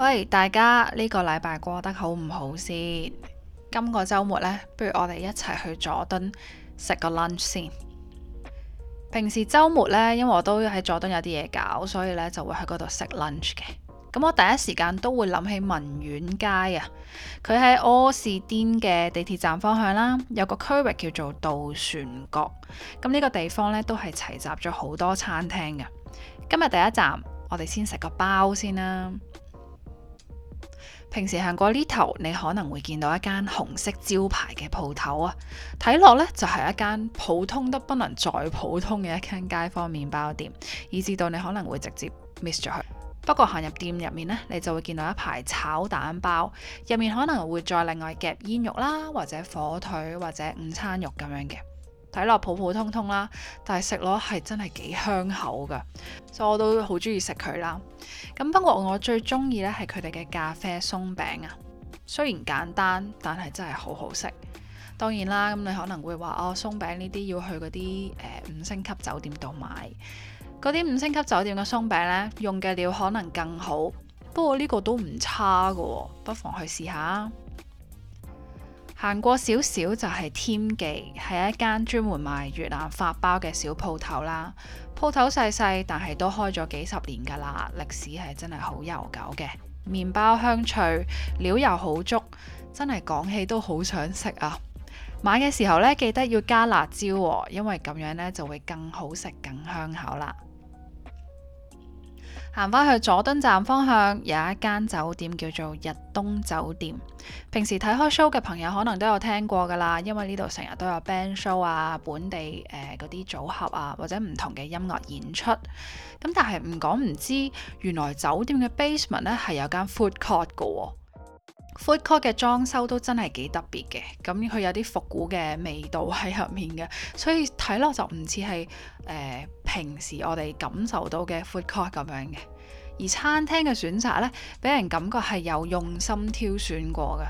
喂，hey, 大家呢，這個禮拜過得好唔好先？今個周末呢，不如我哋一齊去佐敦食個 lunch 先。平時周末呢，因為我都喺佐敦有啲嘢搞，所以呢就會喺嗰度食 lunch 嘅。咁我第一時間都會諗起文苑街啊。佢喺柯士甸嘅地鐵站方向啦，有個區域叫做渡船角。咁呢個地方呢，都係齊集咗好多餐廳㗎。今日第一站，我哋先食個包先啦。平時行過呢頭，你可能會見到一間紅色招牌嘅鋪頭啊，睇落呢，就係一間普通得不能再普通嘅一間街坊麵包店，以至到你可能會直接 miss 咗佢。不過行入店入面呢，你就會見到一排炒蛋包，入面可能會再另外夾煙肉啦，或者火腿或者午餐肉咁樣嘅，睇落普普通通啦，但係食落係真係幾香口㗎，所以我都好鍾意食佢啦。咁不過我最中意咧係佢哋嘅咖啡鬆餅啊，雖然簡單，但係真係好好食。當然啦，咁你可能會話哦，鬆餅呢啲要去嗰啲誒五星級酒店度買，嗰啲五星級酒店嘅鬆餅呢，用嘅料可能更好，不過呢個都唔差嘅，不妨去試下。行過少少就係添記，係一間專門賣越南法包嘅小鋪頭啦。鋪頭細細，但係都開咗幾十年㗎啦，歷史係真係好悠久嘅。麵包香脆，料又好足，真係講起都好想食啊！買嘅時候呢，記得要加辣椒喎，因為咁樣呢就會更好食、更香口啦。行返去佐敦站方向，有一間酒店叫做日東酒店。平時睇開 show 嘅朋友可能都有聽過㗎啦，因為呢度成日都有 band show 啊、本地誒嗰啲組合啊，或者唔同嘅音樂演出。咁但係唔講唔知，原來酒店嘅 basement 呢係有間 food court 㗎喎。Food Court 嘅裝修都真係幾特別嘅，咁佢有啲復古嘅味道喺入面嘅，所以睇落就唔似係誒平時我哋感受到嘅 Food Court 咁樣嘅，而餐廳嘅選擇呢，俾人感覺係有用心挑選過嘅。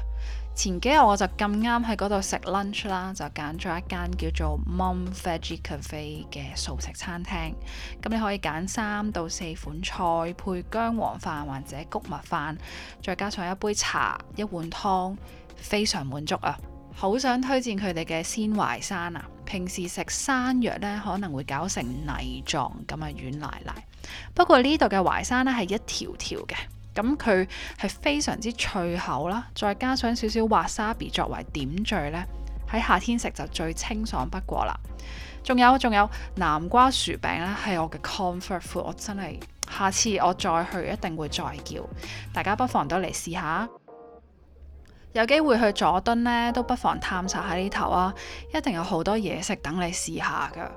前幾日我就咁啱喺嗰度食 lunch 啦，就揀咗一間叫做 Mom Veggie Cafe 嘅素食餐廳。咁你可以揀三到四款菜配薑黃飯或者谷物飯，再加上一杯茶一碗湯，非常滿足啊！好想推薦佢哋嘅鮮淮山啊！平時食山藥呢，可能會搞成泥狀咁啊，軟奶奶，不過呢度嘅淮山呢係一條條嘅。咁佢係非常之脆口啦，再加上少少滑沙 s 作為點綴咧，喺夏天食就最清爽不過啦。仲有仲有南瓜薯餅咧，係我嘅 comfort food，我真係下次我再去一定會再叫，大家不妨都嚟試下。有機會去佐敦呢，都不妨探索下呢頭啊，一定有好多嘢食等你試下噶。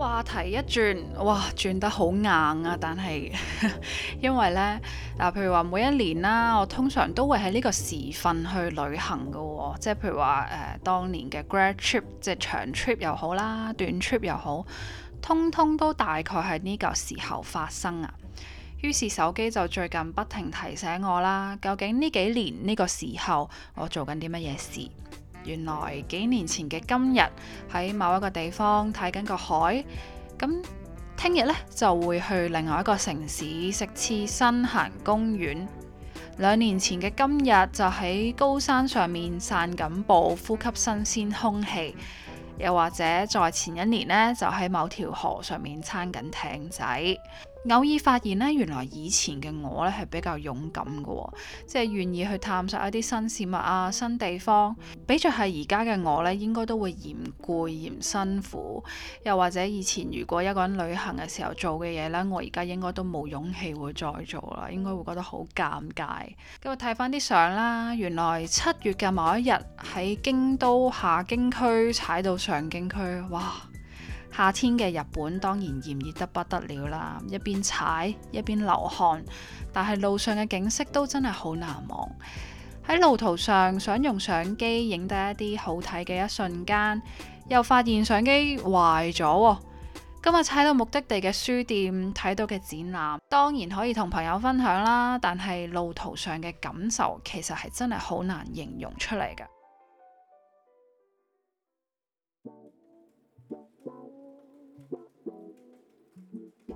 話題一轉，哇，轉得好硬啊！但係 因為呢，嗱，譬如話每一年啦，我通常都會喺呢個時份去旅行噶，哦，即係譬如話誒、呃、當年嘅 grad trip，即係長 trip 又好啦，短 trip 又好，通通都大概係呢個時候發生啊。於是手機就最近不停提醒我啦，究竟呢幾年呢個時候我做緊啲乜嘢事？原來幾年前嘅今日喺某一個地方睇緊個海，咁聽日呢，就會去另外一個城市食刺身、行公園。兩年前嘅今日就喺高山上面散緊步，呼吸新鮮空氣。又或者在前一年呢，就喺某條河上面撐緊艇仔。偶爾發現呢，原來以前嘅我呢係比較勇敢嘅，即係願意去探索一啲新事物啊、新地方。比着係而家嘅我呢，應該都會嫌攰、嫌辛苦。又或者以前如果一個人旅行嘅時候做嘅嘢呢，我而家應該都冇勇氣會再做啦，應該會覺得好尷尬。咁睇翻啲相啦，原來七月嘅某一日喺京都下京區踩到上京區，哇！夏天嘅日本當然炎熱得不得了啦，一邊踩一邊流汗，但係路上嘅景色都真係好難忘。喺路途上想用相機影低一啲好睇嘅一瞬間，又發現相機壞咗喎。今日踩到目的地嘅書店睇到嘅展覽，當然可以同朋友分享啦。但係路途上嘅感受其實係真係好難形容出嚟嘅。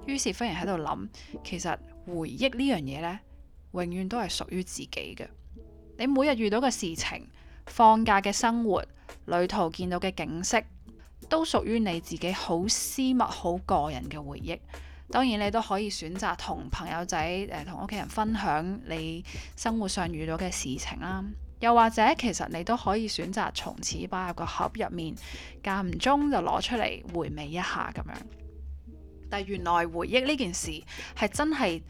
於是忽然喺度諗，其實回憶呢樣嘢呢，永遠都係屬於自己嘅。你每日遇到嘅事情、放假嘅生活、旅途見到嘅景色，都屬於你自己好私密、好個人嘅回憶。當然，你都可以選擇同朋友仔、誒同屋企人分享你生活上遇到嘅事情啦。又或者，其實你都可以選擇從此擺入個盒入面，間唔中就攞出嚟回味一下咁樣。但原來回憶呢件事係真係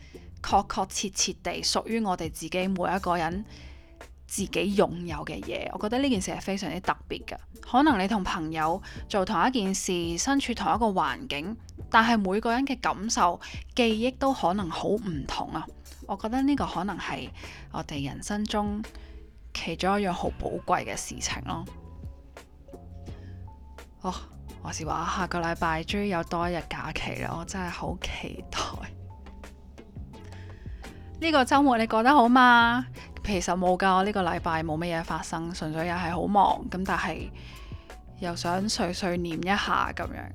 確確切切地屬於我哋自己每一個人自己擁有嘅嘢，我覺得呢件事係非常之特別㗎。可能你同朋友做同一件事，身處同一個環境，但係每個人嘅感受、記憶都可能好唔同啊。我覺得呢個可能係我哋人生中其中一樣好寶貴嘅事情咯。哦。話時話下個禮拜終於有多一日假期啦，我真係好期待呢 個周末你過得好嗎？其實冇噶，我呢個禮拜冇乜嘢發生，純粹又係好忙咁，但係又想碎碎念一下咁樣。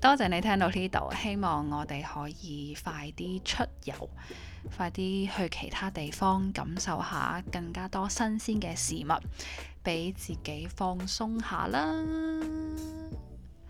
多謝你聽到呢度，希望我哋可以快啲出遊，快啲去其他地方感受下更加多新鮮嘅事物，俾自己放鬆下啦。